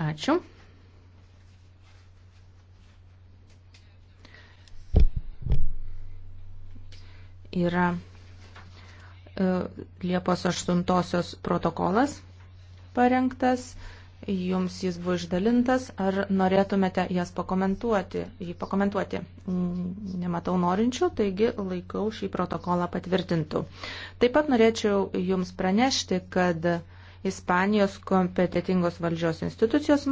Ačiū. Yra e, Liepos 8 protokolas parengtas, jums jis buvo išdalintas, ar norėtumėte jas pakomentuoti, jį pakomentuoti? Nematau norinčių, taigi laikau šį protokolą patvirtintų. Taip pat norėčiau jums pranešti, kad Ispanijos kompetitingos valdžios institucijos